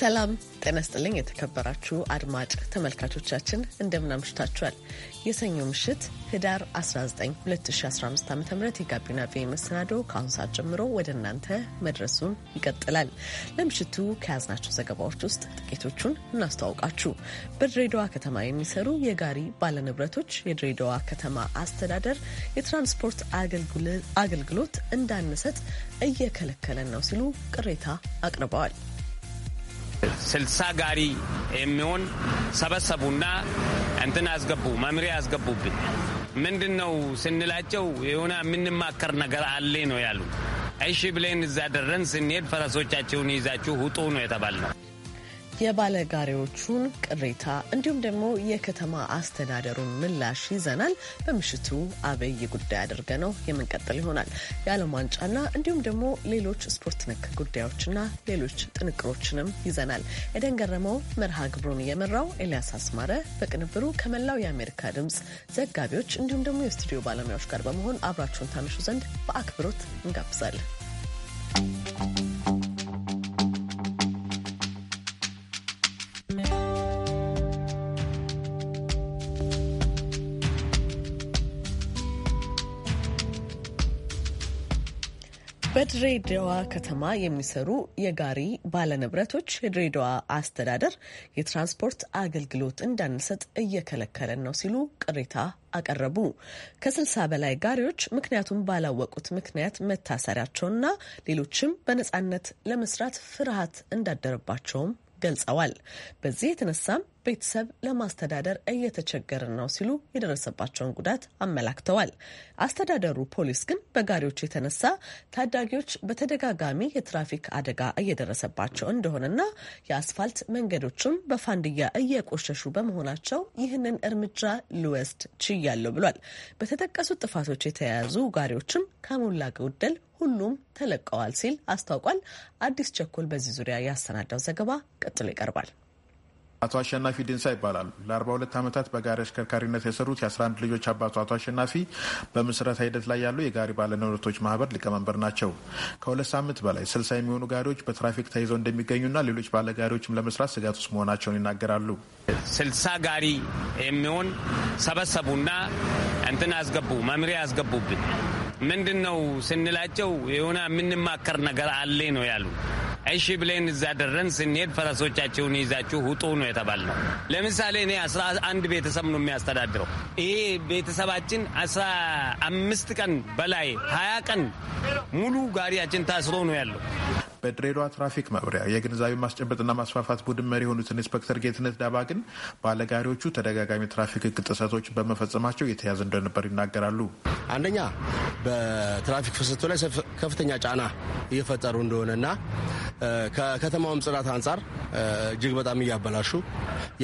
ሰላም ጤና የተከበራችሁ አድማጭ ተመልካቾቻችን እንደምናምሽታችኋል የሰኞ ምሽት ህዳር 19 2015 ዓ ም የጋቢና ቪ መሰናዶ ከአሁን ሰዓት ጀምሮ ወደ እናንተ መድረሱን ይቀጥላል። ለምሽቱ ከያዝናቸው ዘገባዎች ውስጥ ጥቂቶቹን እናስተዋውቃችሁ። በድሬዳዋ ከተማ የሚሰሩ የጋሪ ባለንብረቶች የድሬዳዋ ከተማ አስተዳደር የትራንስፖርት አገልግሎት እንዳንሰጥ እየከለከለን ነው ሲሉ ቅሬታ አቅርበዋል። ስልሳ ጋሪ የሚሆን ሰበሰቡና እንትን አስገቡ፣ መምሪያ አስገቡብን። ምንድን ነው ስንላቸው የሆነ የምንማከር ነገር አለ ነው ያሉ። እሺ ብለን እዛ ደረን ስንሄድ ፈረሶቻቸውን ይዛችሁ ውጡ ነው የተባልነው። የባለጋሪዎቹን ቅሬታ እንዲሁም ደግሞ የከተማ አስተዳደሩን ምላሽ ይዘናል። በምሽቱ አበይ ጉዳይ አድርገ ነው የምንቀጥል ይሆናል። የዓለም ዋንጫና እንዲሁም ደግሞ ሌሎች ስፖርት ነክ ጉዳዮችና ሌሎች ጥንቅሮችንም ይዘናል። ኤደን ገረመው መርሃ ግብሩን የመራው ኤልያስ አስማረ በቅንብሩ ከመላው የአሜሪካ ድምፅ ዘጋቢዎች እንዲሁም ደግሞ የስቱዲዮ ባለሙያዎች ጋር በመሆን አብራችሁን ታመሹ ዘንድ በአክብሮት እንጋብዛለን። በድሬዳዋ ከተማ የሚሰሩ የጋሪ ባለንብረቶች የድሬዳዋ አስተዳደር የትራንስፖርት አገልግሎት እንዳንሰጥ እየከለከለን ነው ሲሉ ቅሬታ አቀረቡ። ከ60 በላይ ጋሪዎች ምክንያቱም ባላወቁት ምክንያት መታሰሪያቸውና ሌሎችም በነፃነት ለመስራት ፍርሃት እንዳደረባቸውም ገልጸዋል። በዚህ የተነሳም ቤተሰብ ለማስተዳደር እየተቸገርን ነው ሲሉ የደረሰባቸውን ጉዳት አመላክተዋል። አስተዳደሩ ፖሊስ ግን በጋሪዎች የተነሳ ታዳጊዎች በተደጋጋሚ የትራፊክ አደጋ እየደረሰባቸው እንደሆነና የአስፋልት መንገዶችም በፋንድያ እየቆሸሹ በመሆናቸው ይህንን እርምጃ ልወስድ ችያለሁ ብሏል። በተጠቀሱት ጥፋቶች የተያያዙ ጋሪዎችም ከሞላ ጎደል ሁሉም ተለቀዋል ሲል አስታውቋል። አዲስ ቸኮል በዚህ ዙሪያ ያሰናዳው ዘገባ ቀጥሎ ይቀርባል። አቶ አሸናፊ ድንሳ ይባላሉ። ለ42 ዓመታት በጋሪ አሽከርካሪነት የሰሩት የ11 ልጆች አባቱ አቶ አሸናፊ በምስረታ ሂደት ላይ ያለው የጋሪ ባለንብረቶች ማህበር ሊቀመንበር ናቸው። ከሁለት ሳምንት በላይ ስልሳ የሚሆኑ ጋሪዎች በትራፊክ ተይዘው እንደሚገኙና ሌሎች ባለጋሪዎችም ለመስራት ስጋት ውስጥ መሆናቸውን ይናገራሉ። ስልሳ ጋሪ የሚሆን ሰበሰቡና እንትን አስገቡ፣ መምሪያ አስገቡብን። ምንድን ነው ስንላቸው የሆነ የምንማከር ነገር አለ ነው ያሉ እሺ ብለን እዛ ደረን ስንሄድ ፈረሶቻቸውን ይዛችሁ ውጡ ነው የተባልነው። ለምሳሌ እኔ አስራ አንድ ቤተሰብ ነው የሚያስተዳድረው። ይሄ ቤተሰባችን አስራ አምስት ቀን በላይ ሀያ ቀን ሙሉ ጋሪያችን ታስሮ ነው ያለው። በድሬዳዋ ትራፊክ መምሪያ የግንዛቤ ማስጨበጥና ማስፋፋት ቡድን መሪ የሆኑትን ኢንስፔክተር ጌትነት ዳባ ግን ባለጋሪዎቹ ተደጋጋሚ ትራፊክ ህግ ጥሰቶች በመፈጸማቸው የተያዘ እንደነበር ይናገራሉ። አንደኛ በትራፊክ ፍሰቱ ላይ ከፍተኛ ጫና እየፈጠሩ እንደሆነና ከከተማውም ጽዳት አንጻር እጅግ በጣም እያበላሹ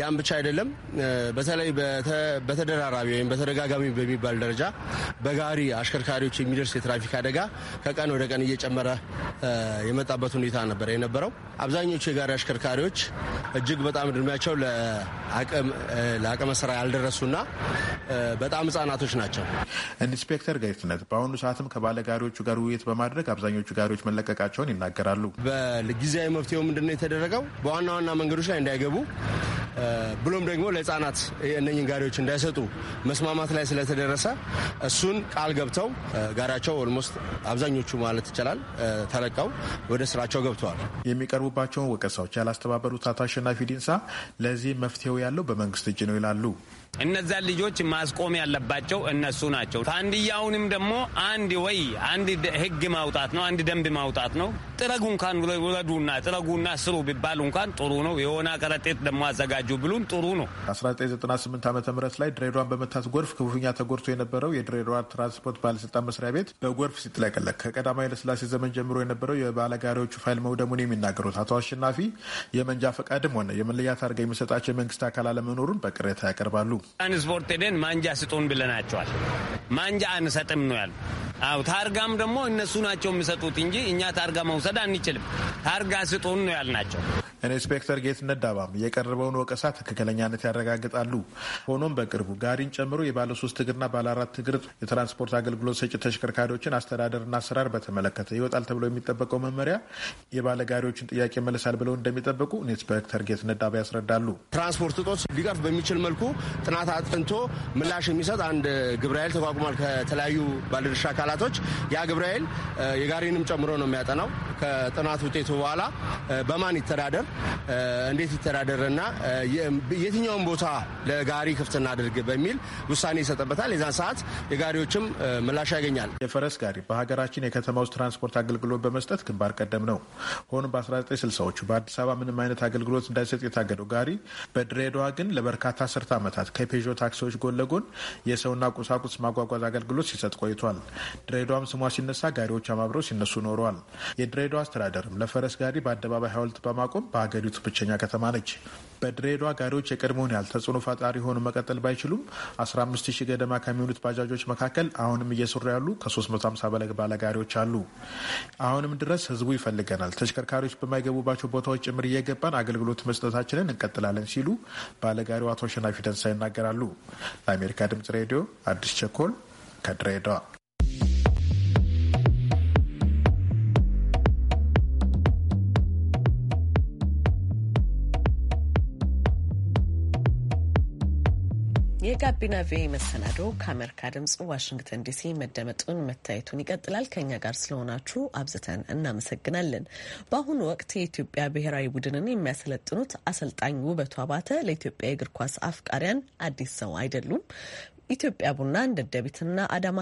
ያም ብቻ አይደለም። በተለይ በተደራራቢ ወይም በተደጋጋሚ በሚባል ደረጃ በጋሪ አሽከርካሪዎች የሚደርስ የትራፊክ አደጋ ከቀን ወደ ቀን እየጨመረ የመጣበት የነበረበት ሁኔታ ነበር የነበረው። አብዛኞቹ የጋሪ አሽከርካሪዎች እጅግ በጣም እድሜያቸው ለአቅመ ስራ ያልደረሱና በጣም ህጻናቶች ናቸው። ኢንስፔክተር ጋይትነት በአሁኑ ሰዓትም ከባለጋሪዎቹ ጋር ውይይት በማድረግ አብዛኞቹ ጋሪዎች መለቀቃቸውን ይናገራሉ። በጊዜያዊ መፍትሄው ምንድነው የተደረገው? በዋና ዋና መንገዶች ላይ እንዳይገቡ ብሎም ደግሞ ለህጻናት እነኝን ጋሪዎች እንዳይሰጡ መስማማት ላይ ስለተደረሰ እሱን ቃል ገብተው ጋሪያቸው ኦልሞስት አብዛኞቹ ማለት ይቻላል ተለቀው ወደ ስራቸው ገብተዋል። የሚቀርቡባቸውን ወቀሳዎች ያላስተባበሩት አቶ አሸናፊ ዲንሳ ለዚህ መፍትሄው ያለው በመንግስት እጅ ነው ይላሉ። እነዛን ልጆች ማስቆም ያለባቸው እነሱ ናቸው። ታንድያውንም ደግሞ አንድ ወይ አንድ ህግ ማውጣት ነው፣ አንድ ደንብ ማውጣት ነው። ጥረጉ እንኳን ውለዱና ጥረጉና ስሩ ቢባሉ እንኳን ጥሩ ነው። የሆነ ከረጢት ደግሞ አዘጋጁ ብሉን ጥሩ ነው። 1998 ዓ ም ላይ ድሬዳዋን በመታት ጎርፍ ክፉኛ ተጎድቶ የነበረው የድሬዳዋ ትራንስፖርት ባለስልጣን መስሪያ ቤት በጎርፍ ሲጥለቀለቅ ከቀዳማዊ ለስላሴ ዘመን ጀምሮ የነበረው የባለጋሪዎቹ ፋይል መውደሙን የሚናገሩት አቶ አሸናፊ የመንጃ ፈቃድም ሆነ የመለያ ታርጋ የሚሰጣቸው የመንግስት አካል አለመኖሩን በቅሬታ ያቀርባሉ። ትራንስፖርት ሄደን ማንጃ ስጡን ብለናቸዋል። ማንጃ አንሰጥም ነው ያሉ። አዎ ታርጋም ደግሞ እነሱ ናቸው የሚሰጡት እንጂ እኛ ታርጋ መውሰድ አንችልም። ታርጋ ስጡን ነው ያልናቸው። ኢንስፔክተር ጌትነት ዳባም የቀረበውን ወቀሳ ትክክለኛነት ያረጋግጣሉ። ሆኖም በቅርቡ ጋሪን ጨምሮ የባለሶስት እግርና ባለአራት እግር የትራንስፖርት አገልግሎት ሰጪ ተሽከርካሪዎችን አስተዳደርና አሰራር በተመለከተ ይወጣል ተብሎ የሚጠበቀው መመሪያ የባለጋሪዎችን ጥያቄ መለሳል ብለው እንደሚጠብቁ ኢንስፔክተር ጌትነት ዳባ ያስረዳሉ። ትራንስፖርት እጦት ሊቀርፍ በሚችል መልኩ ጥናት አጥንቶ ምላሽ የሚሰጥ አንድ ግብረ ኃይል ተቋቁሟል ከተለያዩ ባለድርሻ አካላቶች ያ ግብረ ኃይል የጋሪንም ጨምሮ ነው የሚያጠናው ከጥናት ውጤቱ በኋላ በማን ይተዳደር፣ እንዴት ይተዳደር እና የትኛውን ቦታ ለጋሪ ክፍት እናድርግ በሚል ውሳኔ ይሰጥበታል። የዛን ሰዓት የጋሪዎችም ምላሽ ያገኛል። የፈረስ ጋሪ በሀገራችን የከተማ ውስጥ ትራንስፖርት አገልግሎት በመስጠት ግንባር ቀደም ነው። ሆኖም በ1960ዎቹ በአዲስ አበባ ምንም አይነት አገልግሎት እንዳይሰጥ የታገደው ጋሪ በድሬዳዋ ግን ለበርካታ ስርት ዓመታት ከፔዦ ታክሲዎች ጎን ለጎን የሰውና ቁሳቁስ ማጓጓዝ አገልግሎት ሲሰጥ ቆይቷል። ድሬዳዋም ስሟ ሲነሳ ጋሪዎች አማብረው ሲነሱ ኖረዋል። የድሬዳዋ አስተዳደርም ለፈረስ ጋሪ በአደባባይ ሐውልት በማቆም በሀገሪቱ ብቸኛ ከተማ ነች። በድሬዳዋ ጋሪዎች የቀድሞውን ያህል ተጽዕኖ ፈጣሪ የሆኑ መቀጠል ባይችሉም 15 ሺህ ገደማ ከሚሆኑት ባጃጆች መካከል አሁንም እየሰሩ ያሉ ከ350 በላይ ባለጋሪዎች አሉ። አሁንም ድረስ ህዝቡ ይፈልገናል፣ ተሽከርካሪዎች በማይገቡባቸው ቦታዎች ጭምር እየገባን አገልግሎት መስጠታችንን እንቀጥላለን ሲሉ ባለጋሪው አቶ አሸናፊ ደንሳ ይናገራሉ። ለአሜሪካ ድምጽ ሬዲዮ አዲስ ቸኮል ከድሬዳዋ የጋቢና ቪ መሰናዶ ከአሜሪካ ድምፅ ዋሽንግተን ዲሲ መደመጡን መታየቱን ይቀጥላል። ከኛ ጋር ስለሆናችሁ አብዝተን እናመሰግናለን። በአሁኑ ወቅት የኢትዮጵያ ብሔራዊ ቡድንን የሚያሰለጥኑት አሰልጣኝ ውበቱ አባተ ለኢትዮጵያ የእግር ኳስ አፍቃሪያን አዲስ ሰው አይደሉም። ኢትዮጵያ ቡናን፣ ደደቢትና አዳማ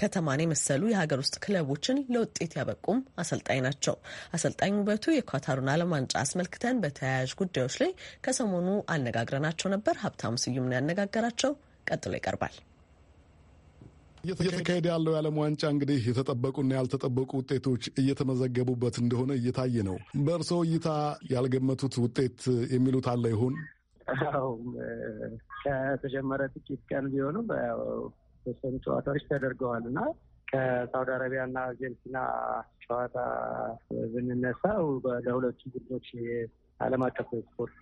ከተማን የመሰሉ የሀገር ውስጥ ክለቦችን ለውጤት ያበቁም አሰልጣኝ ናቸው። አሰልጣኝ ውበቱ የኳታሩን ዓለም ዋንጫ አስመልክተን በተያያዥ ጉዳዮች ላይ ከሰሞኑ አነጋግረናቸው ነበር። ሀብታሙ ስዩም ያነጋገራቸው። ቀጥሎ ይቀርባል። እየተካሄደ ያለው የዓለም ዋንጫ እንግዲህ የተጠበቁና ያልተጠበቁ ውጤቶች እየተመዘገቡበት እንደሆነ እየታየ ነው። በእርሶ እይታ ያልገመቱት ውጤት የሚሉት አለ ይሆን? ከተጀመረ ጥቂት ቀን ቢሆንም የተወሰኑ ጨዋታዎች ተደርገዋል እና ከሳውዲ አረቢያ እና አርጀንቲና ጨዋታ ብንነሳው ለሁለቱ ቡድኖች ዓለም አቀፍ ስፖርት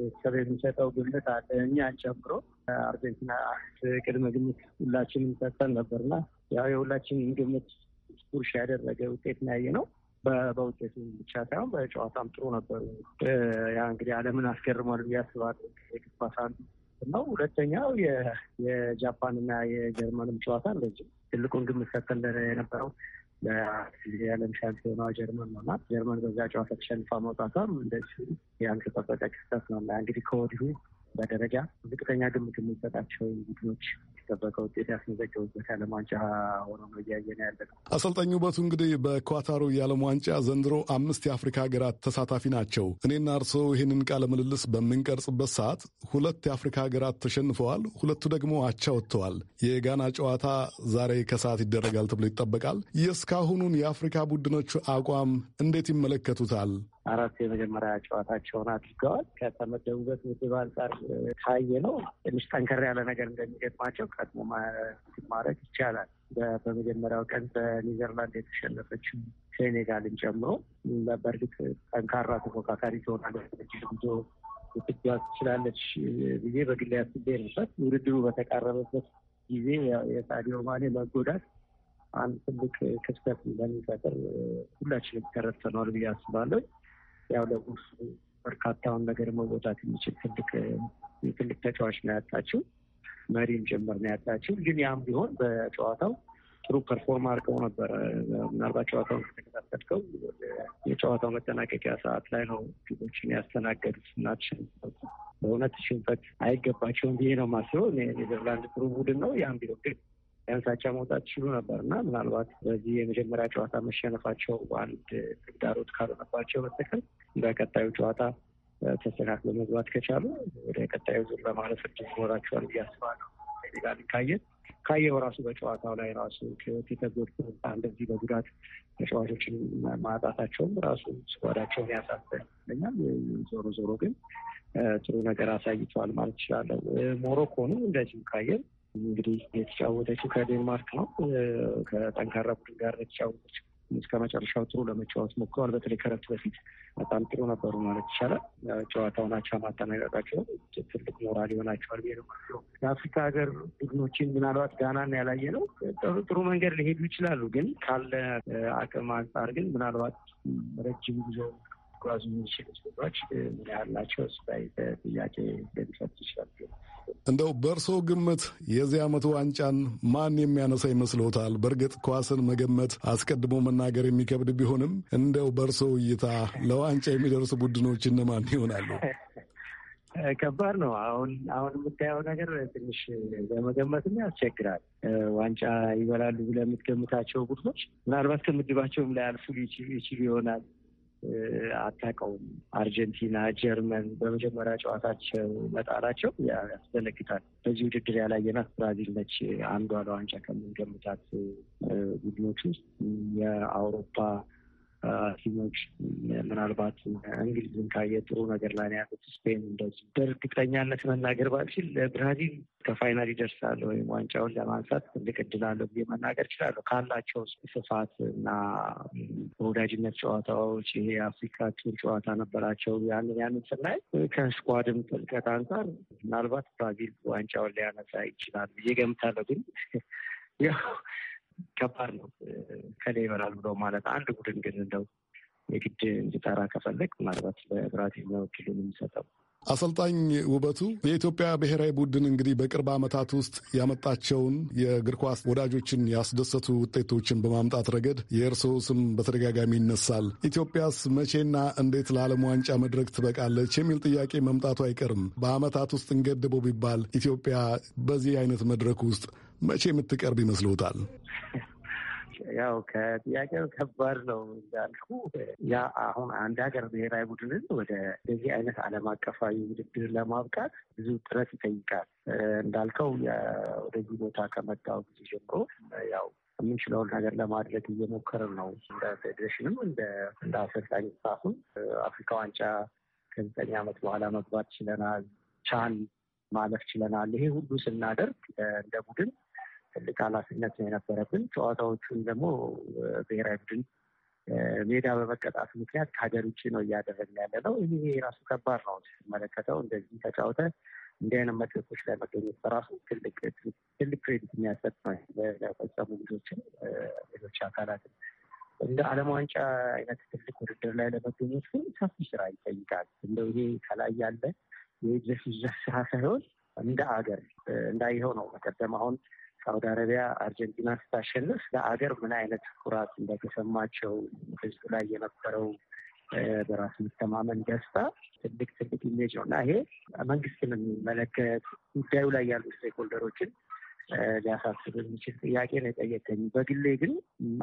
ቤተሰብ የሚሰጠው ግምት አለ። እኛን ጨምሮ አርጀንቲና ቅድመ ግምት ሁላችንም ሰጠን ነበርና ያው የሁላችንም ግምት ቁርሽ ያደረገ ውጤት ነው ያየ ነው። በውጤቱ ብቻ ሳይሆን በጨዋታም ጥሩ ነበሩ። ያ እንግዲህ ዓለምን አስገርሟል ያስባል ኳስ አንዱ ነው። ሁለተኛው የጃፓንና የጀርመንም ጨዋታ እንደዚህ ትልቁን ግምት ሰጥተን የነበረው የዓለም ሻምፒዮና ጀርመን ነውና ጀርመን በዛ ጨዋታ ተሸንፋ መውጣቷም እንደዚሁ የአንድ ተጠበቀ ክስተት ነው እና እንግዲህ ከወዲሁ በደረጃ ዝቅተኛ ግምት የሚሰጣቸው ቡድኖች የተጠበቀ ውጤት ያስመዘገቡበት የዓለም ዋንጫ ሆኖ ነው እያየን ያለ ነው። አሰልጣኝ ውበቱ እንግዲህ በኳታሩ የዓለም ዋንጫ ዘንድሮ አምስት የአፍሪካ ሀገራት ተሳታፊ ናቸው። እኔና እርስዎ ይህንን ቃለ ምልልስ በምንቀርጽበት ሰዓት ሁለት የአፍሪካ ሀገራት ተሸንፈዋል፣ ሁለቱ ደግሞ አቻ ወጥተዋል። የጋና ጨዋታ ዛሬ ከሰዓት ይደረጋል ተብሎ ይጠበቃል። የእስካሁኑን የአፍሪካ ቡድኖቹ አቋም እንዴት ይመለከቱታል? አራት የመጀመሪያ ጨዋታቸውን አድርገዋል። ከተመደቡበት ምድብ አንጻር ካየ ነው ትንሽ ጠንከር ያለ ነገር እንደሚገጥማቸው ቀድሞ ማድረግ ይቻላል። በመጀመሪያው ቀን በኒዘርላንድ የተሸነፈችው ሴኔጋልን ጨምሮ በእርግጥ ጠንካራ ተፎካካሪ ትሆናለች ዶ ኢትዮጵያ ትችላለች ብዬ በግሌ አስቤ ነበር። ውድድሩ በተቃረበበት ጊዜ የሳዲዮ ማኔ መጎዳት አንድ ትልቅ ክፍተት እንደሚፈጥር ሁላችንም ተረድተነዋል ብዬ አስባለሁ። ያው ለቁርሱ በርካታውን ነገር መወጣት የሚችል ትልቅ ትልቅ ተጫዋች ነው ያጣችው። መሪም ጭምር ነው ያጣችው። ግን ያም ቢሆን በጨዋታው ጥሩ ፐርፎርም አድርገው ነበረ። ምናልባት ጨዋታውን ከተከታተልከው የጨዋታው መጠናቀቂያ ሰዓት ላይ ነው ግቦችን ያስተናገዱት እና በእውነት ሽንፈት አይገባቸውም ብዬ ነው የማስበው። ኔዘርላንድ ጥሩ ቡድን ነው። ያም ቢሆን ግን ቢያንስ መውጣት ችሉ ነበር እና ምናልባት በዚህ የመጀመሪያ ጨዋታ መሸነፋቸው አንድ ግዳሮት ካልሆነባቸው በስተቀር በቀጣዩ ጨዋታ ተስተካክሎ መግባት ከቻሉ ወደ ቀጣዩ ዙር ለማለፍ እድል ይኖራቸዋል ብዬ አስባለሁ። ሴኔጋል ካየን ካየው ራሱ በጨዋታው ላይ ራሱ ክህት የተጎድቶ እንደዚህ በጉዳት ተጫዋቾችን ማጣታቸውም ራሱ ስኳዳቸውን ያሳሰ ይለኛል። ዞሮ ዞሮ ግን ጥሩ ነገር አሳይተዋል ማለት ይችላለሁ። ሞሮኮኑ እንደዚሁ ካየን እንግዲህ የተጫወተችው ከዴንማርክ ነው። ከጠንካራ ቡድን ጋር የተጫወተች እስከ መጨረሻው ጥሩ ለመጫወት ሞክረዋል። በተለይ ከረፍት በፊት በጣም ጥሩ ነበሩ ማለት ይቻላል። ጨዋታውን አቻ ማጠናቀቃቸው ትልቅ ሞራል ይሆናቸዋል ብዬ የአፍሪካ ሀገር ቡድኖችን ምናልባት ጋናን ያላየ ነው ጥሩ መንገድ ሊሄዱ ይችላሉ። ግን ካለ አቅም አንጻር ግን ምናልባት ረጅም ጉዞ ሊጓዙ የሚችሉ ዜጎች ምን ያህል ናቸው? እሱ ላይ ጥያቄ ሊሰጥ ይችላል። እንደው በእርሶ ግምት የዚህ ዓመቱ ዋንጫን ማን የሚያነሳ ይመስልዎታል? በእርግጥ ኳስን መገመት አስቀድሞ መናገር የሚከብድ ቢሆንም እንደው በእርሶ እይታ ለዋንጫ የሚደርሱ ቡድኖች እነማን ይሆናሉ? ከባድ ነው። አሁን አሁን የምታየው ነገር ትንሽ ለመገመትም ያስቸግራል። ዋንጫ ይበላሉ ብለህ የምትገምታቸው ቡድኖች ምናልባት ከምድባቸውም ላይ አልፉ ይችሉ ይሆናል አታውቀውም። አርጀንቲና፣ ጀርመን በመጀመሪያ ጨዋታቸው መጣላቸው ያስደነግጣል። በዚህ ውድድር ያላየናት ብራዚል ነች። አንዷ ለዋንጫ ከምንገምታት ቡድኖች ውስጥ የአውሮፓ ቲሞች ምናልባት እንግሊዝን ካየ ጥሩ ነገር ላይ ነው ያሉት። ስፔን እንደዚህ በእርግጠኛነት መናገር ባልችል ብራዚል ከፋይናል ይደርሳል ወይም ዋንጫውን ለማንሳት ትልቅ እድል አለው ብዬ መናገር ችላለ ካላቸው ስፋት እና በወዳጅነት ጨዋታዎች ይሄ የአፍሪካ ቱር ጨዋታ ነበራቸው። ያንን ያንን ስናይ ከስኳድም ጥልቀት አንጻር ምናልባት ብራዚል ዋንጫውን ሊያነሳ ይችላል ብዬ ገምታለሁ ግን ያው ከባድ ነው። ከላይ ይበላል ብሎ ማለት አንድ ቡድን ግን እንደው የግድ እንዲጠራ ከፈለግ ምናልባት በብራዚል ነው የሚሰጠው። አሰልጣኝ ውበቱ የኢትዮጵያ ብሔራዊ ቡድን እንግዲህ በቅርብ ዓመታት ውስጥ ያመጣቸውን የእግር ኳስ ወዳጆችን ያስደሰቱ ውጤቶችን በማምጣት ረገድ የእርስዎ ስም በተደጋጋሚ ይነሳል። ኢትዮጵያስ መቼና እንዴት ለዓለም ዋንጫ መድረክ ትበቃለች የሚል ጥያቄ መምጣቱ አይቀርም። በዓመታት ውስጥ እንገድበው ቢባል ኢትዮጵያ በዚህ አይነት መድረክ ውስጥ መቼ የምትቀርብ ይመስልዎታል? ያው ከጥያቄው ከባድ ነው እንዳልኩ ያ አሁን አንድ ሀገር ብሔራዊ ቡድንን ወደ እንደዚህ አይነት ዓለም አቀፋዊ ውድድር ለማብቃት ብዙ ጥረት ይጠይቃል። እንዳልከው ወደዚህ ቦታ ከመጣው ጊዜ ጀምሮ ያው የምንችለውን ነገር ለማድረግ እየሞከርን ነው። እንደ ፌዴሬሽንም እንደ እንደ አሰልጣኝ ሳሁን አፍሪካ ዋንጫ ከዘጠኝ ዓመት በኋላ መግባት ችለናል። ቻን ማለፍ ችለናል። ይሄ ሁሉ ስናደርግ እንደ ቡድን ትልቅ ኃላፊነት ነው የነበረብን። ጨዋታዎቹን ደግሞ ብሔራዊ ቡድን ሜዳ በመቀጣት ምክንያት ከሀገር ውጭ ነው እያደረግን ያለ ነው። ይህ የራሱ ከባድ ነው ስትመለከተው። እንደዚህ ተጫውተ እንዲህ አይነት መድረኮች ላይ መገኘት በራሱ ትልቅ ክሬዲት የሚያሰጥ ነው ለፈጸሙ ልጆችን፣ ሌሎች አካላትን እንደ ዓለም ዋንጫ አይነት ትልቅ ውድድር ላይ ለመገኘት ግን ሰፊ ስራ ይጠይቃል። እንደው ይሄ ከላይ ያለ ይዘፍ ስራ ሳይሆን እንደ አገር እንዳይኸው ነው መቀደም አሁን ሳውዲ አረቢያ አርጀንቲና ስታሸንፍ ለአገር ምን አይነት ኩራት እንደተሰማቸው ህዝብ ላይ የነበረው በራስ መተማመን ደስታ ትልቅ ትልቅ ኢሜጅ ነው እና ይሄ መንግስትን የሚመለከት ጉዳዩ ላይ ያሉ ስቴክሆልደሮችን ሊያሳስብ የሚችል ጥያቄ ነው የጠየቀኝ። በግሌ ግን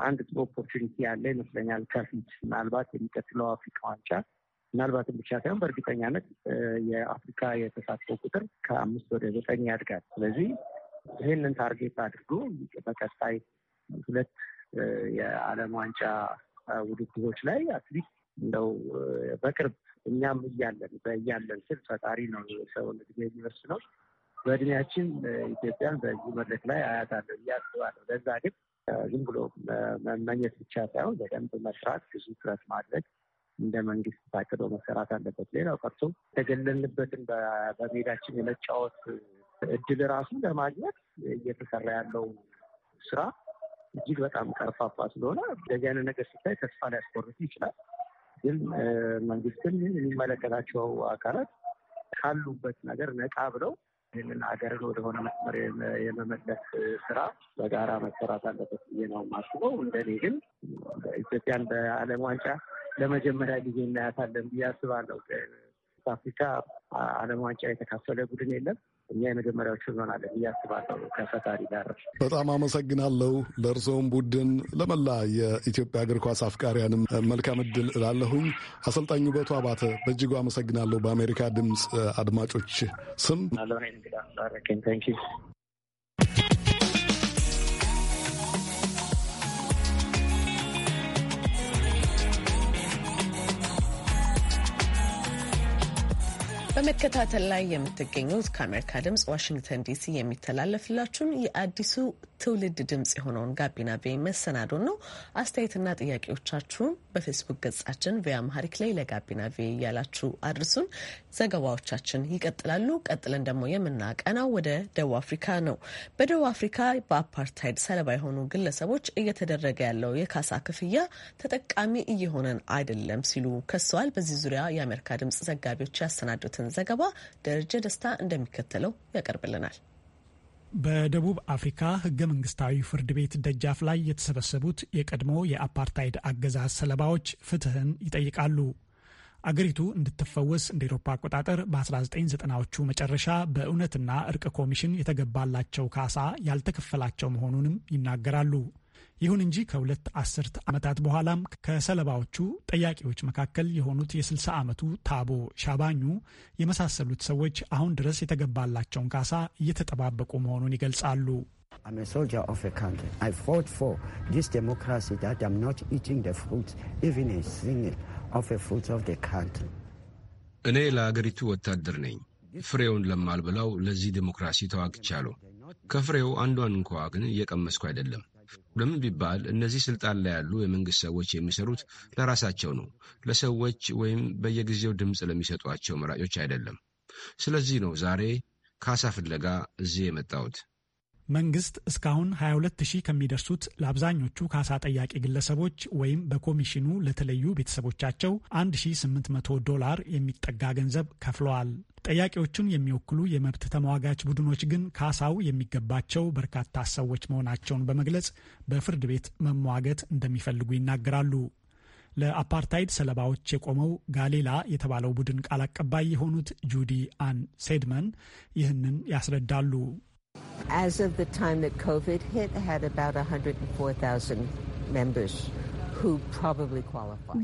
አንድ ጥሩ ኦፖርቹኒቲ ያለ ይመስለኛል። ከፊት ምናልባት የሚቀጥለው አፍሪካ ዋንጫ ምናልባትም ብቻ ሳይሆን በእርግጠኛነት የአፍሪካ የተሳትፎ ቁጥር ከአምስት ወደ ዘጠኝ ያድጋል። ስለዚህ ይህንን ታርጌት አድርጎ በቀጣይ ሁለት የዓለም ዋንጫ ውድድሮች ላይ አትሊስት እንደው በቅርብ እኛም እያለን በእያለን ስል ፈጣሪ ነው ሰውን እድሜ የሚወርስ ነው። በእድሜያችን ኢትዮጵያን በዚህ መድረክ ላይ አያታለሁ እያስባለሁ። ለዛ ግን ዝም ብሎ መመኘት ብቻ ሳይሆን በደንብ መስራት፣ ብዙ ጥረት ማድረግ እንደ መንግስት ታቅዶ መሰራት አለበት። ሌላው ቀርቶ የተገለልንበትን በሜዳችን የመጫወት እድል ራሱ ለማግኘት እየተሰራ ያለው ስራ እጅግ በጣም ቀርፋፋ ስለሆነ እንደዚህ አይነት ነገር ሲታይ ተስፋ ሊያስቆርጥ ይችላል። ግን መንግስትን የሚመለከታቸው አካላት ካሉበት ነገር ነቃ ብለው ይህንን ሀገርን ወደሆነ መስመር የመመለስ ስራ በጋራ መሰራት አለበት ብዬ ነው የማስበው። እንደኔ ግን ኢትዮጵያን በዓለም ዋንጫ ለመጀመሪያ ጊዜ እናያታለን ብዬ አስባለሁ። አፍሪካ ዓለም ዋንጫ የተካፈለ ቡድን የለም። እኛ የመጀመሪያዎቹ እንሆናለን እያስባለሁ ከፈጣሪ ጋር። በጣም አመሰግናለሁ። ለእርስዎም ቡድን፣ ለመላ የኢትዮጵያ እግር ኳስ አፍቃሪያንም መልካም እድል እላለሁኝ። አሰልጣኝ ውበቱ አባተ በእጅጉ አመሰግናለሁ። በአሜሪካ ድምፅ አድማጮች ስም በመከታተል ላይ የምትገኙት ከአሜሪካ ድምጽ ዋሽንግተን ዲሲ የሚተላለፍላችሁን የአዲሱ ትውልድ ድምጽ የሆነውን ጋቢና ቪ መሰናዶን ነው። አስተያየትና ጥያቄዎቻችሁን በፌስቡክ ገጻችን ቪያምሃሪክ ላይ ለጋቢና ቪ እያላችሁ አድርሱን። ዘገባዎቻችን ይቀጥላሉ። ቀጥለን ደግሞ የምናቀናው ወደ ደቡብ አፍሪካ ነው። በደቡብ አፍሪካ በአፓርታይድ ሰለባ የሆኑ ግለሰቦች እየተደረገ ያለው የካሳ ክፍያ ተጠቃሚ እየሆነን አይደለም ሲሉ ከሰዋል። በዚህ ዙሪያ የአሜሪካ ድምጽ ዘጋቢዎች ያሰናዱትን ዘገባ ደረጀ ደስታ እንደሚከተለው ያቀርብልናል። በደቡብ አፍሪካ ህገ መንግስታዊ ፍርድ ቤት ደጃፍ ላይ የተሰበሰቡት የቀድሞ የአፓርታይድ አገዛዝ ሰለባዎች ፍትህን ይጠይቃሉ። አገሪቱ እንድትፈወስ እንደ ኤሮፓ አቆጣጠር በ1990ዎቹ መጨረሻ በእውነትና እርቅ ኮሚሽን የተገባላቸው ካሳ ያልተከፈላቸው መሆኑንም ይናገራሉ። ይሁን እንጂ ከሁለት አስርት ዓመታት በኋላም ከሰለባዎቹ ጠያቂዎች መካከል የሆኑት የ60 ዓመቱ ታቦ ሻባኙ የመሳሰሉት ሰዎች አሁን ድረስ የተገባላቸውን ካሳ እየተጠባበቁ መሆኑን ይገልጻሉ። እኔ ለአገሪቱ ወታደር ነኝ። ፍሬውን ለማልበላው ለዚህ ዴሞክራሲ ተዋግቻለሁ። ከፍሬው አንዷን እንኳ ግን እየቀመስኩ አይደለም። ለምን ቢባል እነዚህ ስልጣን ላይ ያሉ የመንግስት ሰዎች የሚሰሩት ለራሳቸው ነው፣ ለሰዎች ወይም በየጊዜው ድምፅ ለሚሰጧቸው መራጮች አይደለም። ስለዚህ ነው ዛሬ ካሳ ፍለጋ እዚህ የመጣሁት። መንግስት እስካሁን 22 ሺህ ከሚደርሱት ለአብዛኞቹ ካሳ ጠያቂ ግለሰቦች ወይም በኮሚሽኑ ለተለዩ ቤተሰቦቻቸው 1800 ዶላር የሚጠጋ ገንዘብ ከፍለዋል። ጠያቂዎቹን የሚወክሉ የመብት ተሟጋች ቡድኖች ግን ካሳው የሚገባቸው በርካታ ሰዎች መሆናቸውን በመግለጽ በፍርድ ቤት መሟገት እንደሚፈልጉ ይናገራሉ። ለአፓርታይድ ሰለባዎች የቆመው ጋሌላ የተባለው ቡድን ቃል አቀባይ የሆኑት ጁዲ አን ሴድመን ይህንን ያስረዳሉ። As of the time that COVID hit, had about 104,000 members.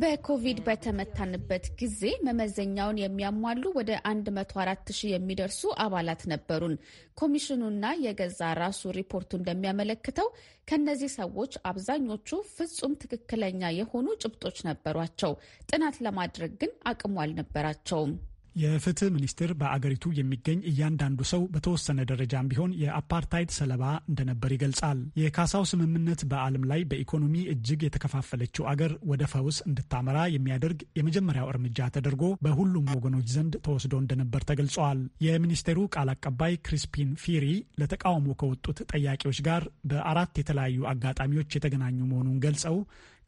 በኮቪድ በተመታንበት ጊዜ መመዘኛውን የሚያሟሉ ወደ 104 ሺህ የሚደርሱ አባላት ነበሩን። ኮሚሽኑና የገዛ ራሱ ሪፖርቱ እንደሚያመለክተው ከነዚህ ሰዎች አብዛኞቹ ፍጹም ትክክለኛ የሆኑ ጭብጦች ነበሯቸው። ጥናት ለማድረግ ግን አቅሙ አልነበራቸውም። የፍትህ ሚኒስቴር በአገሪቱ የሚገኝ እያንዳንዱ ሰው በተወሰነ ደረጃም ቢሆን የአፓርታይድ ሰለባ እንደነበር ይገልጻል። የካሳው ስምምነት በዓለም ላይ በኢኮኖሚ እጅግ የተከፋፈለችው አገር ወደ ፈውስ እንድታመራ የሚያደርግ የመጀመሪያው እርምጃ ተደርጎ በሁሉም ወገኖች ዘንድ ተወስዶ እንደነበር ተገልጸዋል። የሚኒስቴሩ ቃል አቀባይ ክሪስፒን ፊሪ ለተቃውሞ ከወጡት ጠያቂዎች ጋር በአራት የተለያዩ አጋጣሚዎች የተገናኙ መሆኑን ገልጸው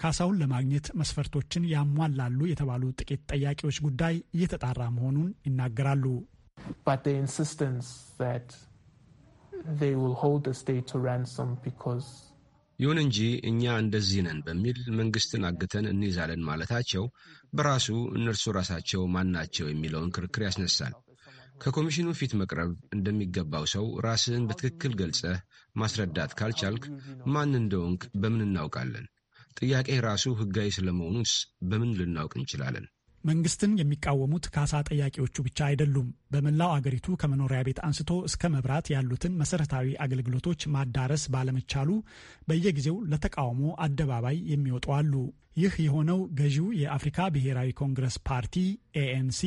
ካሳውን ለማግኘት መስፈርቶችን ያሟላሉ የተባሉ ጥቂት ጠያቂዎች ጉዳይ እየተጣራ መሆኑን ይናገራሉ። ይሁን እንጂ እኛ እንደዚህ ነን በሚል መንግስትን አግተን እንይዛለን ማለታቸው በራሱ እነርሱ ራሳቸው ማን ናቸው የሚለውን ክርክር ያስነሳል። ከኮሚሽኑ ፊት መቅረብ እንደሚገባው ሰው ራስህን በትክክል ገልጸህ ማስረዳት ካልቻልክ ማን እንደወንክ በምን እናውቃለን? ጥያቄ ራሱ ህጋዊ ስለመሆኑስ በምን ልናውቅ እንችላለን? መንግስትን የሚቃወሙት ካሳ ጠያቂዎቹ ብቻ አይደሉም። በመላው አገሪቱ ከመኖሪያ ቤት አንስቶ እስከ መብራት ያሉትን መሰረታዊ አገልግሎቶች ማዳረስ ባለመቻሉ በየጊዜው ለተቃውሞ አደባባይ የሚወጡ አሉ። ይህ የሆነው ገዢው የአፍሪካ ብሔራዊ ኮንግረስ ፓርቲ ኤኤንሲ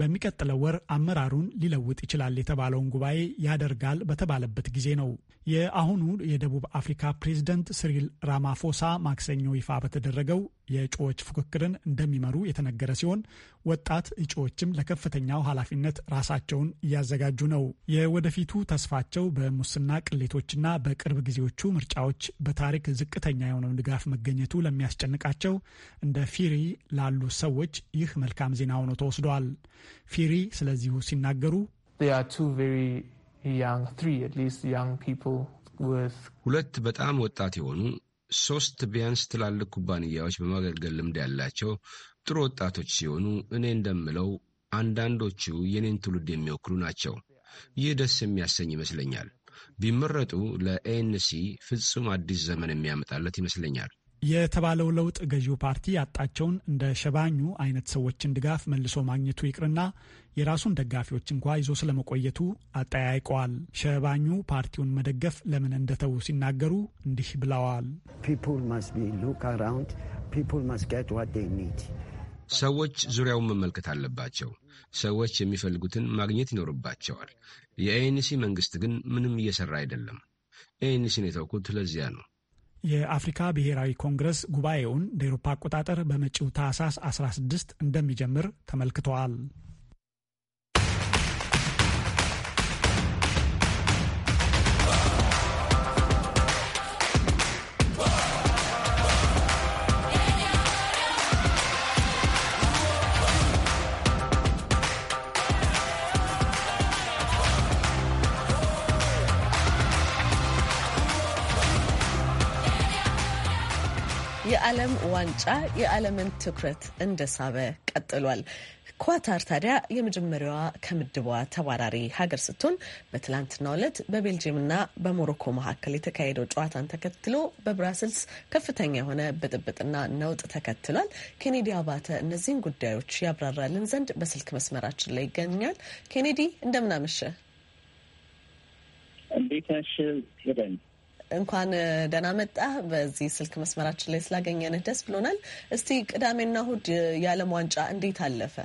በሚቀጥለው ወር አመራሩን ሊለውጥ ይችላል የተባለውን ጉባኤ ያደርጋል በተባለበት ጊዜ ነው። የአሁኑ የደቡብ አፍሪካ ፕሬዝደንት ስሪል ራማፎሳ ማክሰኞ ይፋ በተደረገው የእጩዎች ፉክክርን እንደሚመሩ የተነገረ ሲሆን ወጣት እጩዎችም ለከፍተኛው ኃላፊነት ራሳቸውን እያዘጋጁ ነው። የወደፊቱ ተስፋቸው በሙስና ቅሌቶችና በቅርብ ጊዜዎቹ ምርጫዎች በታሪክ ዝቅተኛ የሆነውን ድጋፍ መገኘቱ ለሚያስጨንቃቸው እንደ ፊሪ ላሉ ሰዎች ይህ መልካም ዜና ሆኖ ተወስዷል። ፊሪ ስለዚሁ ሲናገሩ ሁለት በጣም ወጣት የሆኑ ሶስት ቢያንስ ትላልቅ ኩባንያዎች በማገልገል ልምድ ያላቸው ጥሩ ወጣቶች ሲሆኑ እኔ እንደምለው አንዳንዶቹ የኔን ትውልድ የሚወክሉ ናቸው። ይህ ደስ የሚያሰኝ ይመስለኛል። ቢመረጡ ለኤንሲ ፍጹም አዲስ ዘመን የሚያመጣለት ይመስለኛል። የተባለው ለውጥ ገዢው ፓርቲ ያጣቸውን እንደ ሸባኙ አይነት ሰዎችን ድጋፍ መልሶ ማግኘቱ ይቅርና የራሱን ደጋፊዎች እንኳ ይዞ ስለመቆየቱ አጠያይቀዋል። ሸባኙ ፓርቲውን መደገፍ ለምን እንደተዉ ሲናገሩ እንዲህ ብለዋል። ሰዎች ዙሪያውን መመልከት አለባቸው። ሰዎች የሚፈልጉትን ማግኘት ይኖርባቸዋል። የኤንሲ መንግስት ግን ምንም እየሰራ አይደለም። ኤንሲን የተውኩት ለዚያ ነው። የአፍሪካ ብሔራዊ ኮንግረስ ጉባኤውን እንደ ኤሮፓ አቆጣጠር በመጪው ታህሳስ 16 እንደሚጀምር ተመልክተዋል። የዓለም ዋንጫ የዓለምን ትኩረት እንደሳበ ቀጥሏል። ኳታር ታዲያ የመጀመሪያዋ ከምድቧ ተባራሪ ሀገር ስትሆን በትላንትናው ዕለት በቤልጅየምና በሞሮኮ መካከል የተካሄደው ጨዋታን ተከትሎ በብራስልስ ከፍተኛ የሆነ ብጥብጥና ነውጥ ተከትሏል። ኬኔዲ አባተ እነዚህን ጉዳዮች ያብራራልን ዘንድ በስልክ መስመራችን ላይ ይገኛል። ኬኔዲ እንደምናመሸ እንዴት ነሽ? እንኳን ደህና መጣ በዚህ ስልክ መስመራችን ላይ ስላገኘንህ ደስ ብሎናል። እስቲ ቅዳሜና እሁድ የዓለም ዋንጫ እንዴት አለፈ?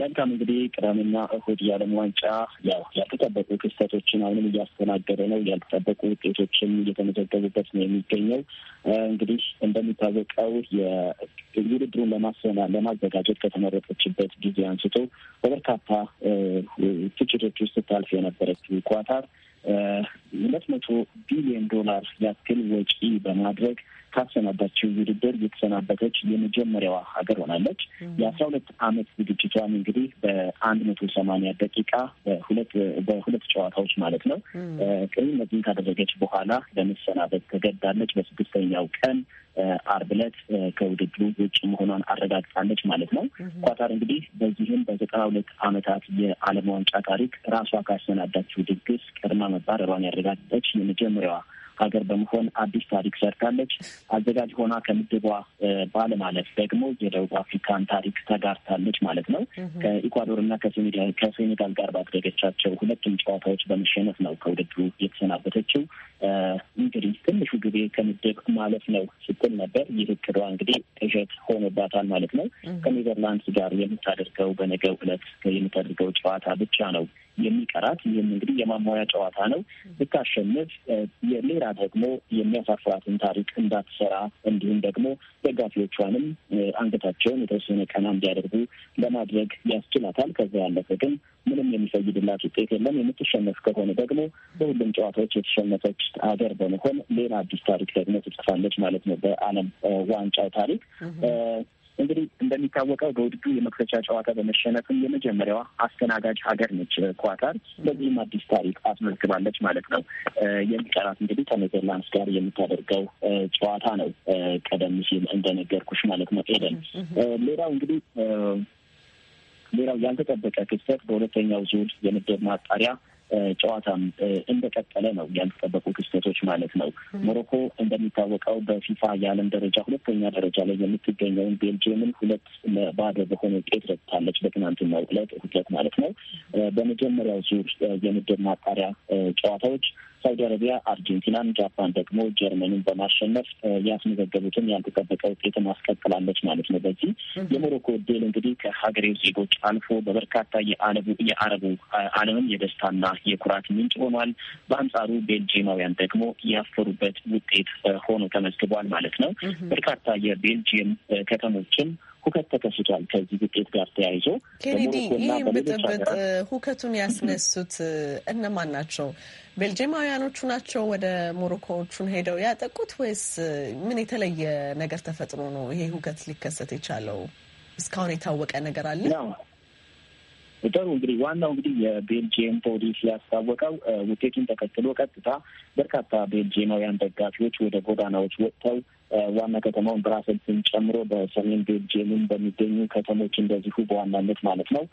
መልካም እንግዲህ ቅዳሜና እሁድ የዓለም ዋንጫ ያው ያልተጠበቁ ክስተቶችን አሁንም እያስተናገደ ነው። ያልተጠበቁ ውጤቶችን እየተመዘገቡበት ነው የሚገኘው። እንግዲህ እንደሚታወቀው የውድድሩን ለማሰና ለማዘጋጀት ከተመረጠችበት ጊዜ አንስቶ በበርካታ ትችቶች ውስጥ ስታልፍ የነበረችው ኳታር ሁለት መቶ ቢሊዮን ዶላር ያክል ወጪ በማድረግ ካሰናዳቸው ውድድር የተሰናበተች የመጀመሪያዋ ሀገር ሆናለች። የአስራ ሁለት አመት ዝግጅቷን እንግዲህ በአንድ መቶ ሰማኒያ ደቂቃ በሁለት በሁለት ጨዋታዎች ማለት ነው ቅኝነትን ካደረገች በኋላ ለመሰናበት ተገዳለች። በስድስተኛው ቀን አርብ ዕለት ከውድድሩ ውጭ መሆኗን አረጋግጣለች ማለት ነው። ኳታር እንግዲህ በዚህም በዘጠና ሁለት አመታት የዓለም ዋንጫ ታሪክ ራሷ ካሰናዳችው ድግስ ቀድማ መባረሯን ያረጋግጠች የመጀመሪያዋ ሀገር በመሆን አዲስ ታሪክ ሰርታለች። አዘጋጅ ሆና ከምድቧ ባለማለፍ ደግሞ የደቡብ አፍሪካን ታሪክ ተጋርታለች ማለት ነው። ከኢኳዶር እና ከሴኔጋል ጋር ባደረገቻቸው ሁለቱም ጨዋታዎች በመሸነፍ ነው ከውድድሩ የተሰናበተችው። እንግዲህ ትንሹ ጊዜ ከምድብ ማለፍ ነው ስትል ነበር። ይህ እቅዷ እንግዲህ እሸት ሆኖባታል ማለት ነው። ከኔዘርላንድስ ጋር የምታደርገው በነገው ዕለት የምታደርገው ጨዋታ ብቻ ነው የሚቀራት። ይህም እንግዲህ የማሟያ ጨዋታ ነው። ብታሸንፍ ሌላ ደግሞ የሚያሳፍራትን ታሪክ እንዳትሰራ እንዲሁም ደግሞ ደጋፊዎቿንም አንገታቸውን የተወሰነ ቀና እንዲያደርጉ ለማድረግ ያስችላታል። ከዛ ያለፈ ግን ምንም የሚፈይድላት ውጤት የለም። የምትሸነፍ ከሆነ ደግሞ በሁሉም ጨዋታዎች የተሸነፈች ሀገር በመሆን ሌላ አዲስ ታሪክ ደግሞ ትጽፋለች ማለት ነው በዓለም ዋንጫው ታሪክ እንግዲህ እንደሚታወቀው በውድድሩ የመክፈቻ ጨዋታ በመሸነፍም የመጀመሪያዋ አስተናጋጅ ሀገር ነች ኳታር። ስለዚህም አዲስ ታሪክ አስመዝግባለች ማለት ነው። የሚቀራት እንግዲህ ከኔዘርላንድስ ጋር የምታደርገው ጨዋታ ነው። ቀደም ሲል እንደነገርኩሽ ማለት ነው ኤደን። ሌላው እንግዲህ ሌላው ያልተጠበቀ ክስተት በሁለተኛው ዙር የምድብ ማጣሪያ ጨዋታም እንደቀጠለ ነው። ያልተጠበቁ ክስተቶች ማለት ነው። ሞሮኮ እንደሚታወቀው በፊፋ የዓለም ደረጃ ሁለተኛ ደረጃ ላይ የምትገኘውን ቤልጅየምን ሁለት ባዶ በሆነ ውጤት ረታለች። በትናንትናው ዕለት ሁለት ማለት ነው። በመጀመሪያው ዙር የምድብ ማጣሪያ ጨዋታዎች ሳውዲ አረቢያ አርጀንቲናን፣ ጃፓን ደግሞ ጀርመንን በማሸነፍ ያስመዘገቡትን ያልተጠበቀ ውጤት ማስቀጥላለች ማለት ነው። በዚህ የሞሮኮ ዕድል እንግዲህ ከሀገሬው ዜጎች አልፎ በበርካታ የአረቡ ዓለምም የደስታና የኩራት ምንጭ ሆኗል። በአንጻሩ ቤልጅየማውያን ደግሞ ያፈሩበት ውጤት ሆኖ ተመዝግቧል ማለት ነው። በርካታ የቤልጅየም ከተሞችም ሁከት ተከስቷል። ከዚህ ውጤት ጋር ተያይዞ ኬኔዲ፣ ይህ ብጥብጥ ሁከቱን ያስነሱት እነማን ናቸው? ቤልጅማውያኖቹ ናቸው ወደ ሞሮኮዎቹን ሄደው ያጠቁት ወይስ ምን የተለየ ነገር ተፈጥሮ ነው ይሄ ሁከት ሊከሰት የቻለው? እስካሁን የታወቀ ነገር አለ? ጥሩ እንግዲህ ዋናው እንግዲህ የቤልጅየም ፖሊስ ያስታወቀው ውጤቱን ተከትሎ ቀጥታ በርካታ ቤልጅየማውያን ደጋፊዎች ወደ ጎዳናዎች ወጥተው ዋና ከተማውን ብራሰልስን ጨምሮ በሰሜን ቤልጅየምን በሚገኙ ከተሞች እንደዚሁ በዋናነት ማለት ነው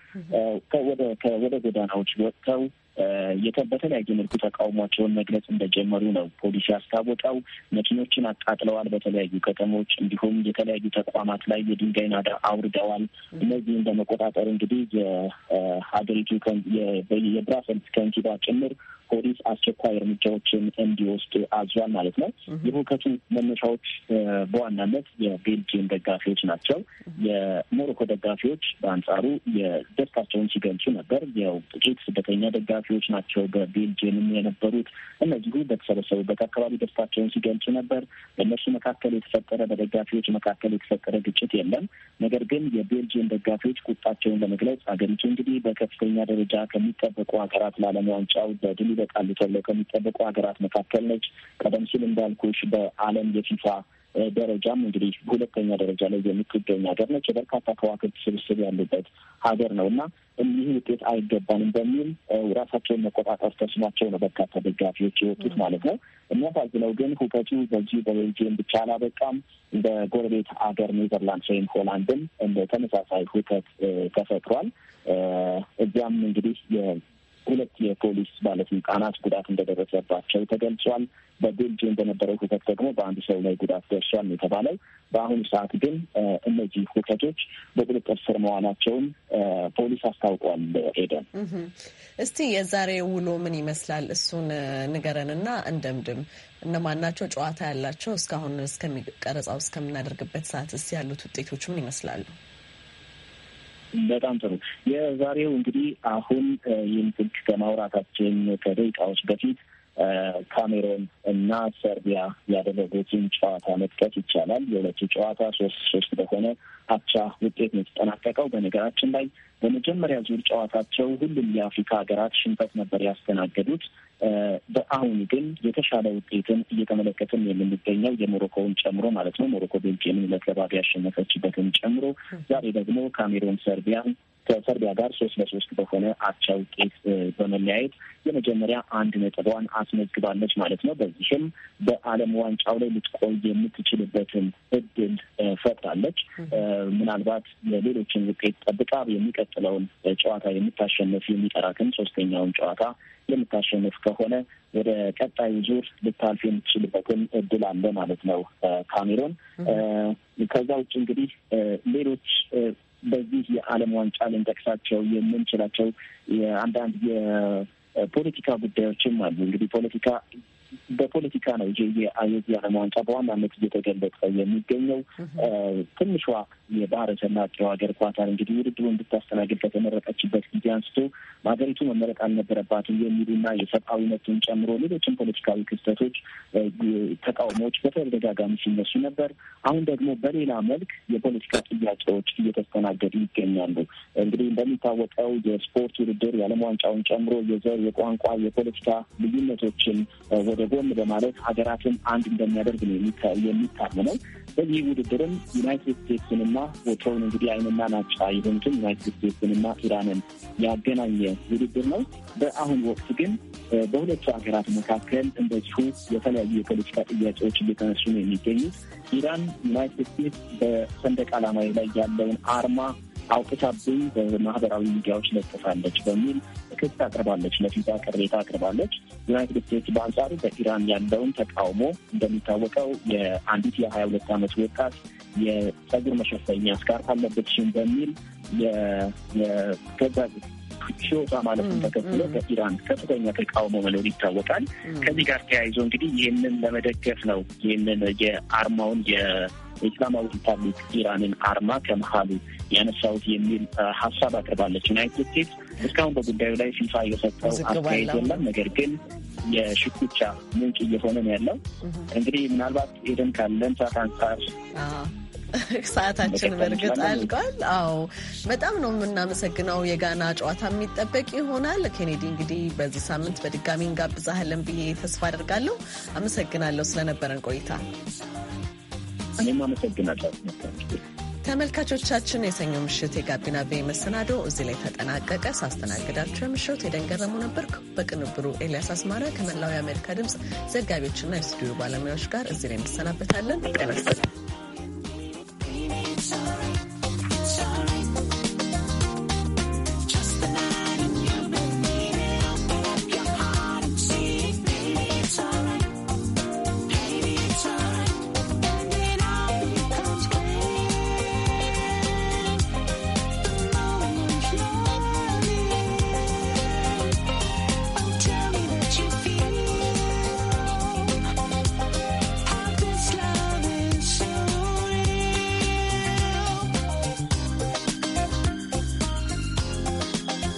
ወደ ጎዳናዎች ወጥተው በተለያየ መልኩ ተቃውሟቸውን መግለጽ እንደጀመሩ ነው ፖሊስ ያስታወቀው። መኪኖችን አቃጥለዋል፣ በተለያዩ ከተሞች እንዲሁም የተለያዩ ተቋማት ላይ የድንጋይ ናዳ አውርደዋል። እነዚህን በመቆጣጠር እንግዲህ የሀገሪቱ የብራሰልስ ከንቲባ ጭምር ፖሊስ አስቸኳይ እርምጃዎችን እንዲወስድ አዟል ማለት ነው። የሁከቱ መነሻዎች በዋናነት የቤልጅየም ደጋፊዎች ናቸው። የሞሮኮ ደጋፊዎች በአንጻሩ የደስታቸውን ሲገልጹ ነበር። ያው ጥቂት ስደተኛ ደጋፊ ተሳታፊዎች ናቸው በቤልጅየምም የነበሩት። እነዚሁ በተሰበሰቡበት አካባቢ ደስታቸውን ሲገልጹ ነበር። በእነሱ መካከል የተፈጠረ በደጋፊዎች መካከል የተፈጠረ ግጭት የለም። ነገር ግን የቤልጅየም ደጋፊዎች ቁጣቸውን ለመግለጽ አገሪቱ እንግዲህ በከፍተኛ ደረጃ ከሚጠበቁ ሀገራት ለዓለም ዋንጫው በድል ይበቃሉ ተብለው ከሚጠበቁ ሀገራት መካከል ነች። ቀደም ሲል እንዳልኩሽ በዓለም የፊፋ ደረጃም እንግዲህ ሁለተኛ ደረጃ ላይ የምትገኝ ሀገር ነች። የበርካታ ከዋክብት ስብስብ ያሉበት ሀገር ነው እና እኒህ ውጤት አይገባንም በሚል ራሳቸውን መቆጣጠር ተስኗቸው ነው በርካታ ደጋፊዎች የወጡት ማለት ነው። የሚያሳዝነው ግን ሁከቱ በዚህ በቤልጅየም ብቻ አላበቃም። በጎረቤት ሀገር ኔዘርላንድስ ወይም ሆላንድም እንደ ተመሳሳይ ሁከት ተፈጥሯል። እዚያም እንግዲህ ሁለት የፖሊስ ባለስልጣናት ጉዳት እንደደረሰባቸው ተገልጿል። በቤልጅየም በነበረው ሁከት ደግሞ በአንድ ሰው ላይ ጉዳት ደርሷል የተባለው። በአሁኑ ሰዓት ግን እነዚህ ሁከቶች በቁጥጥር ስር መዋላቸውን ፖሊስ አስታውቋል። ሄደን እስቲ የዛሬ ውሎ ምን ይመስላል እሱን ንገረንና እንደምድም። እነማን ናቸው ጨዋታ ያላቸው? እስካሁን እስከሚቀረጻው እስከምናደርግበት ሰዓት እስ ያሉት ውጤቶች ምን ይመስላሉ? በጣም ጥሩ። የዛሬው እንግዲህ አሁን ይህን ጥግ ከማውራታችን ከደቂቃዎች በፊት ካሜሮን እና ሰርቢያ ያደረጉትን ጨዋታ መጥቀስ ይቻላል። የሁለቱ ጨዋታ ሶስት ሶስት በሆነ አቻ ውጤት ነው የተጠናቀቀው። በነገራችን ላይ በመጀመሪያ ዙር ጨዋታቸው ሁሉም የአፍሪካ ሀገራት ሽንፈት ነበር ያስተናገዱት። በአሁን ግን የተሻለ ውጤትን እየተመለከትን የምንገኘው የሞሮኮውን ጨምሮ ማለት ነው። ሞሮኮ ቤልጅየምን ሁለት ለባዶ ያሸነፈችበትን ጨምሮ ዛሬ ደግሞ ካሜሮን ሰርቢያን ከሰርቢያ ጋር ሶስት ለሶስት በሆነ አቻ ውጤት በመለያየት የመጀመሪያ አንድ ነጥቧን አስመዝግባለች ማለት ነው። በዚህም በዓለም ዋንጫው ላይ ልትቆይ የምትችልበትን እድል ፈጥራለች። ምናልባት የሌሎችን ውጤት ጠብቃ የሚቀጥ የሚቀጥለውን ጨዋታ የምታሸንፍ የሚጠራትን ሶስተኛውን ጨዋታ የምታሸንፍ ከሆነ ወደ ቀጣይ ዙር ልታልፍ የምትችልበትን እድል አለ ማለት ነው ካሜሮን። ከዛ ውጭ እንግዲህ ሌሎች በዚህ የዓለም ዋንጫ ልንጠቅሳቸው የምንችላቸው አንዳንድ የፖለቲካ ጉዳዮችም አሉ። እንግዲህ ፖለቲካ በፖለቲካ ነው እ የዚህ ዓለም ዋንጫ በዋናነት እየተገለጸ የሚገኘው። ትንሿ የባህረ ሰላጤው ሀገር ኳታር እንግዲህ ውድድሩ እንድታስተናግድ ከተመረጠችበት ጊዜ አንስቶ ሀገሪቱ መመረጥ አልነበረባትም የሚሉና የሰብአዊ መብትን ጨምሮ ሌሎችም ፖለቲካዊ ክስተቶች፣ ተቃውሞዎች በተደጋጋሚ ሲነሱ ነበር። አሁን ደግሞ በሌላ መልክ የፖለቲካ ጥያቄዎች እየተስተናገዱ ይገኛሉ። እንግዲህ እንደሚታወቀው የስፖርት ውድድር የዓለም ዋንጫውን ጨምሮ የዘር፣ የቋንቋ፣ የፖለቲካ ልዩነቶችን ወደ ጎን በማለት ሀገራትን አንድ እንደሚያደርግ ነው የሚታመነው። በዚህ ውድድርም ዩናይትድ ስቴትስንና ወትሮውን እንግዲህ አይንና ናጫ የሆኑትን ዩናይትድ ስቴትስንና ኢራንን ያገናኘ ውድድር ነው። በአሁን ወቅት ግን በሁለቱ ሀገራት መካከል እንደዚሁ የተለያዩ የፖለቲካ ጥያቄዎች እየተነሱ ነው የሚገኙት። ኢራን ዩናይትድ ስቴትስ በሰንደቅ ዓላማ ላይ ያለውን አርማ አውጥታብኝ በማህበራዊ ሚዲያዎች ለጥፋለች በሚል ክስ አቅርባለች። ለፊፋ ቅሬታ አቅርባለች። ዩናይትድ ስቴትስ በአንጻሩ በኢራን ያለውን ተቃውሞ እንደሚታወቀው የአንዲት የሀያ ሁለት ዓመት ወጣት የጸጉር መሸፈኛ ስካርፍ አለበችም በሚል የገዛ ሲወጣ ማለቱን ተከትሎ በኢራን ከፍተኛ ተቃውሞ መኖር ይታወቃል። ከዚህ ጋር ተያይዞ እንግዲህ ይህንን ለመደገፍ ነው ይህንን የአርማውን የኢስላማዊ ሪፐብሊክ ኢራንን አርማ ከመሀሉ ያነሳሁት የሚል ሀሳብ አቅርባለች ዩናይትድ ስቴትስ። እስካሁን በጉዳዩ ላይ ፊፋ የሰጠው አስተያየት የለም። ነገር ግን የሽኩቻ ምንጭ እየሆነ ነው ያለው። እንግዲህ ምናልባት ኤደን ካለን ሰዓት አንጻር ሰዓታችን በእርግጥ አልቋል። አዎ በጣም ነው የምናመሰግነው። የጋና ጨዋታ የሚጠበቅ ይሆናል። ኬኔዲ እንግዲህ በዚህ ሳምንት በድጋሚ እንጋብዛሃለን ብዬ ተስፋ አድርጋለሁ። አመሰግናለሁ ስለነበረን ቆይታ። እኔም አመሰግናለሁ። ተመልካቾቻችን የሰኞ ምሽት የጋቢና ቬ መሰናዶ እዚህ ላይ ተጠናቀቀ። ሳስተናግዳችሁ የምሽት የደንገረሙ ነበርኩ። በቅንብሩ ኤልያስ አስማረ ከመላው የአሜሪካ ድምፅ ዘጋቢዎችና የስቱዲዮ ባለሙያዎች ጋር እዚህ ላይ እንሰናበታለን። ጤና ይስጥልኝ።